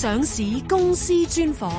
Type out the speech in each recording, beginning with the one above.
上市公司專訪。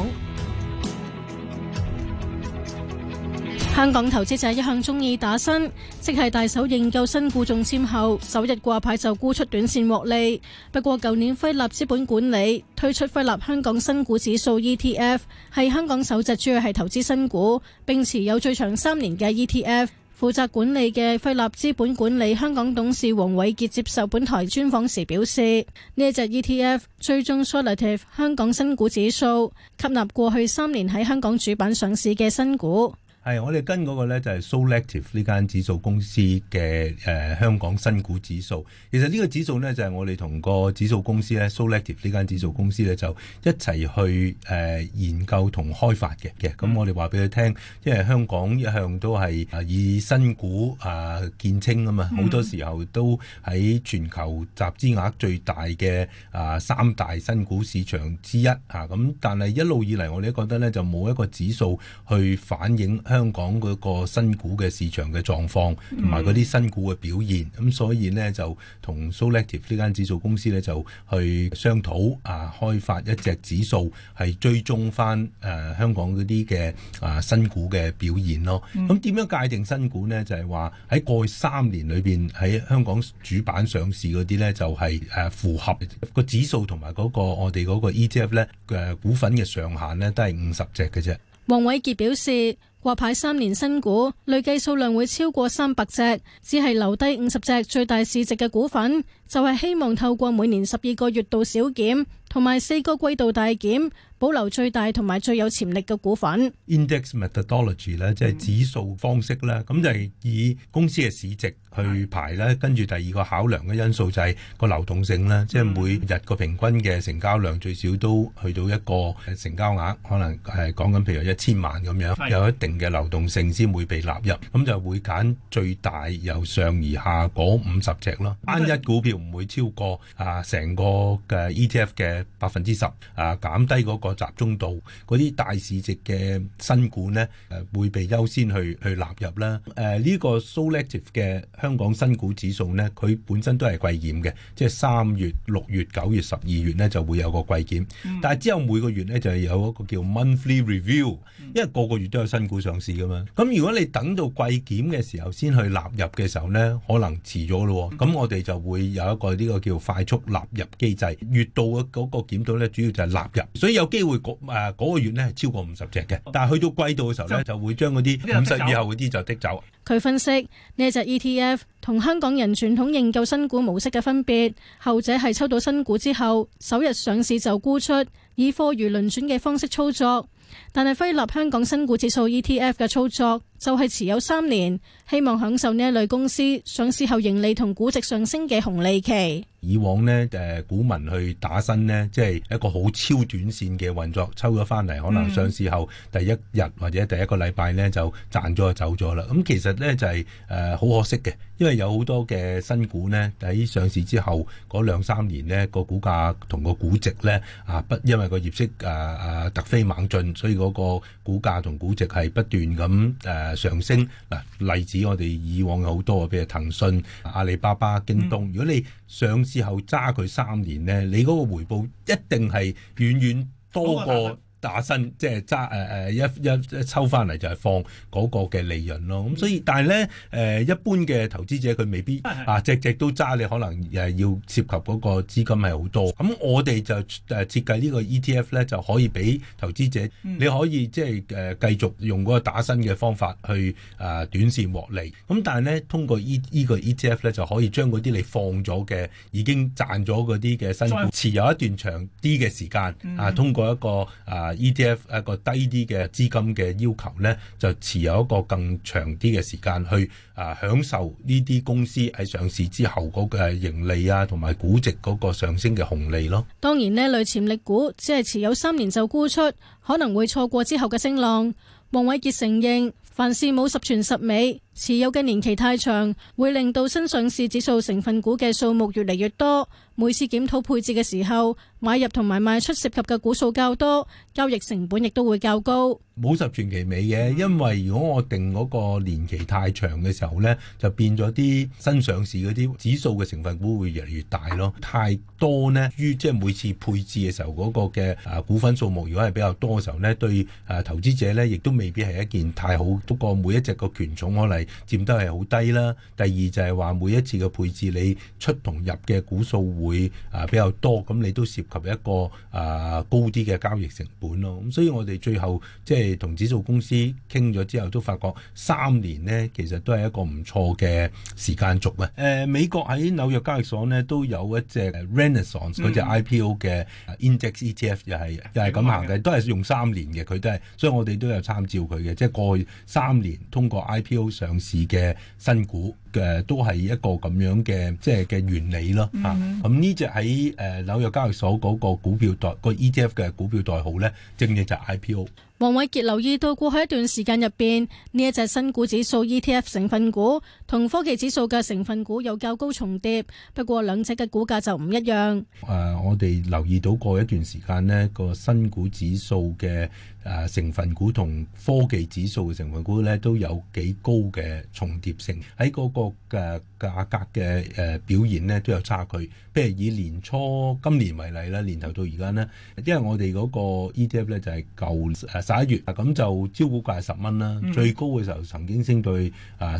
香港投資者一向鍾意打新，即係大手認購新股中籤後，首日掛牌就沽出短線獲利。不過，舊年輝立資本管理推出輝立香港新股指數 ETF，係香港首隻主要係投資新股並持有最長三年嘅 ETF。負責管理嘅輝立資本管理香港董事黃偉傑接受本台專訪時表示：呢隻 ETF 追蹤 Solactive 香港新股指數，吸納過去三年喺香港主板上市嘅新股。係，我哋跟嗰個呢就係、是、Solactive 呢間指數公司嘅誒、呃、香港新股指數。其實呢個指數呢，就係、是、我哋同個指數公司呢，Solactive 呢間指數公司呢，就一齊去誒、呃、研究同開發嘅。嘅，咁我哋話俾佢聽，因為香港一向都係啊以新股啊見稱啊嘛，好、嗯、多時候都喺全球集資額最大嘅啊、呃、三大新股市場之一啊。咁但係一路以嚟我哋覺得呢，就冇一個指數去反映。香港嗰個新股嘅市場嘅狀況同埋嗰啲新股嘅表現，咁、嗯、所以呢，就同 Solactive 呢間指數公司呢，就去商討啊，開發一隻指數係追蹤翻誒、啊、香港嗰啲嘅啊新股嘅表現咯。咁點、嗯、樣界定新股呢？就係話喺過去三年裏邊喺香港主板上市嗰啲呢，就係、是、誒符合、嗰個指數同埋嗰個我哋嗰個 ETF 呢，嘅股份嘅上限呢，都係五十隻嘅啫。黃偉傑表示。掛牌三年新股，累計數量會超過三百隻，只係留低五十隻最大市值嘅股份。就係希望透過每年十二個月度小檢同埋四個季度大檢，保留最大同埋最有潛力嘅股份。index methodology 咧，即係指數方式咧，咁就係以公司嘅市值去排咧。跟住第二個考量嘅因素就係個流動性咧，即係每日個平均嘅成交量最少都去到一個成交額，可能係講緊譬如一千萬咁樣，有一定嘅流動性先會被納入。咁就會揀最大由上而下嗰五十隻咯，單一股票。唔會超過啊，成個嘅 ETF 嘅百分之十啊，減低嗰個集中度，嗰啲大市值嘅新股咧，誒會被優先去去納入啦。誒、啊、呢、這個 Solactive 嘅香港新股指數咧，佢本身都係季檢嘅，即係三月、六月、九月、十二月咧就會有個季檢。但係之後每個月咧就係有一個叫 monthly review，因為個個月都有新股上市噶嘛。咁如果你等到季檢嘅時候先去納入嘅時候咧，可能遲咗咯。咁我哋就會有。一個呢個叫快速納入機制，月度嗰個檢討主要就係納入，所以有機會嗰誒個月咧超過五十隻嘅，但係去到季度嘅時候呢，就會將嗰啲五十以後嗰啲就剔走。佢分析呢隻、這個、ETF 同香港人傳統認購新股模式嘅分別，後者係抽到新股之後首日上市就沽出，以貨如輪轉嘅方式操作。但係，輝立香港新股指數 ETF 嘅操作就係持有三年，希望享受呢一類公司上市後盈利同估值上升嘅紅利期。以往咧誒股民去打新咧，即係一個好超短線嘅運作，抽咗翻嚟，可能上市後第一日或者第一個禮拜咧就賺咗就走咗啦。咁其實咧就係誒好可惜嘅，因為有好多嘅新股咧喺上市之後嗰兩三年咧個股價同個股值咧啊不因為個業績誒誒突飛猛進，所以嗰個股價同股值係不斷咁誒上升。嗱例子我哋以往好多嘅，譬如騰訊、阿里巴巴、京東，如果你上市。之後揸佢三年呢，你嗰個回報一定係遠遠多過。打新即係揸誒誒一一,一抽翻嚟就係放嗰個嘅利潤咯，咁所以但係咧誒，一般嘅投資者佢未必的啊隻隻都揸，你可能誒要涉及嗰個資金係好多。咁我哋就誒設計個呢個 ETF 咧就可以俾投資者、嗯、你可以即係誒繼續用嗰個打新嘅方法去啊短線獲利。咁但係咧通過依依個 ETF 咧就可以將嗰啲你放咗嘅已經賺咗嗰啲嘅新股以持有一段長啲嘅時間啊，通過一個啊。ETF 一個低啲嘅資金嘅要求呢，就持有一個更長啲嘅時間去啊享受呢啲公司喺上市之後嗰盈利啊，同埋估值嗰個上升嘅紅利咯。當然呢類潛力股只係持有三年就沽出，可能會錯過之後嘅升浪。黃偉傑承認，凡事冇十全十美。持有嘅年期太長，會令到新上市指數成分股嘅數目越嚟越多。每次檢討配置嘅時候，買入同埋賣出涉及嘅股數較多，交易成本亦都會較高。冇十全其美嘅，因為如果我定嗰個年期太長嘅時候咧，就變咗啲新上市嗰啲指數嘅成分股會越嚟越大咯。太多咧，於即係每次配置嘅時候嗰個嘅啊股份數目如果係比較多嘅時候咧，對啊投資者咧亦都未必係一件太好。不過每一隻個權重可能。佔得係好低啦。第二就係話每一次嘅配置，你出同入嘅股數會啊比較多，咁你都涉及一個啊高啲嘅交易成本咯。咁所以我哋最後即係同指數公司傾咗之後，都發覺三年呢其實都係一個唔錯嘅時間軸咧。誒、呃，美國喺紐約交易所呢都有一隻 Renaissance 嗰隻 IPO 嘅 Index ETF 又係又係咁行嘅，都係用三年嘅，佢都係，所以我哋都有參照佢嘅，即係過去三年通過 IPO 上。上市嘅新股。嘅都係一個咁樣嘅即係嘅原理咯吓，咁呢隻喺誒紐約交易所，嗰個股票代個 ETF 嘅股票代號咧，正正就係 IPO。黃偉傑留意到過去一段時間入邊呢一隻新股指數 ETF 成份股同科技指數嘅成分股有較高重疊，不過兩隻嘅股價就唔一樣。誒、啊，我哋留意到過一段時間咧，個新股指數嘅誒、呃、成分股同科技指數嘅成分股咧都有幾高嘅重疊性喺個。個嘅價格嘅誒表現咧都有差距，譬如以年初今年為例啦，年頭到而家咧，因為我哋嗰個 ETF 咧就係舊誒十一月，咁就招股價係十蚊啦，mm hmm. 最高嘅時候曾經升到誒十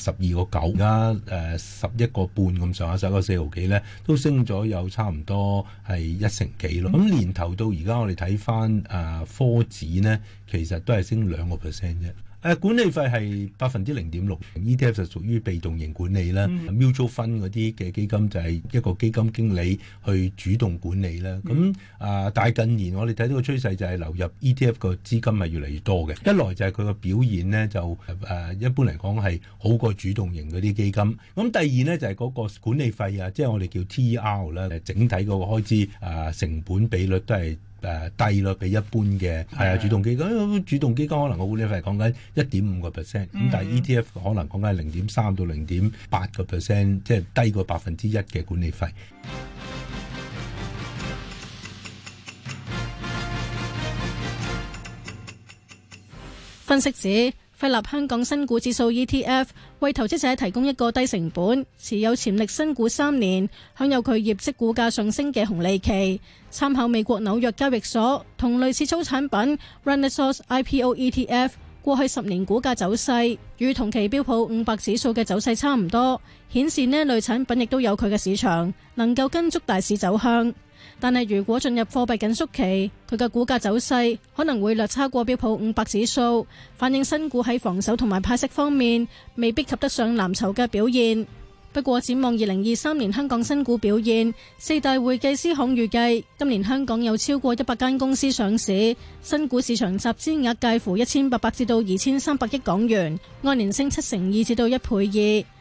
二個九，而家誒十一個半咁上下，十一個四毫幾咧，都升咗有差唔多係一成幾咯。咁年頭到而家我哋睇翻誒科指咧，其實都係升兩個 percent 啫。誒管理費係百分之零點六，ETF 就屬於被動型管理。你啦、mm hmm.，mutual fund 嗰啲嘅基金就係一個基金經理去主動管理啦。咁啊、mm，但、hmm. 呃、近年我哋睇到個趨勢就係流入 ETF 個資金係越嚟越多嘅。一來就係佢個表現咧，就、呃、一般嚟講係好過主動型嗰啲基金。咁第二咧就係、是、嗰個管理費啊，即係我哋叫 TER 啦，整體個開支啊、呃、成本比率都係。誒、啊、低率比一般嘅係啊主動基金，主動基金可能個管理費講緊一點五個 percent，咁但係 ETF 可能講緊零點三到零點八個 percent，即係低過百分之一嘅管理費。分析指。輝立香港新股指數 ETF，為投資者提供一個低成本持有潛力新股三年，享有佢業績股價上升嘅紅利期。參考美國紐約交易所同類似粗產品 Renaissance IPO ETF 過去十年股價走勢，與同期標普五百指數嘅走勢差唔多，顯示呢類產品亦都有佢嘅市場，能夠跟足大市走向。但係如果進入貨幣緊縮期，佢嘅股價走勢可能會略差過標普五百指數，反映新股喺防守同埋派息方面未必及得上藍籌嘅表現。不過展望二零二三年香港新股表現，四大會計師行預計今年香港有超過一百間公司上市，新股市場集資額介乎一千八百至到二千三百億港元，按年升七成二至到一倍二。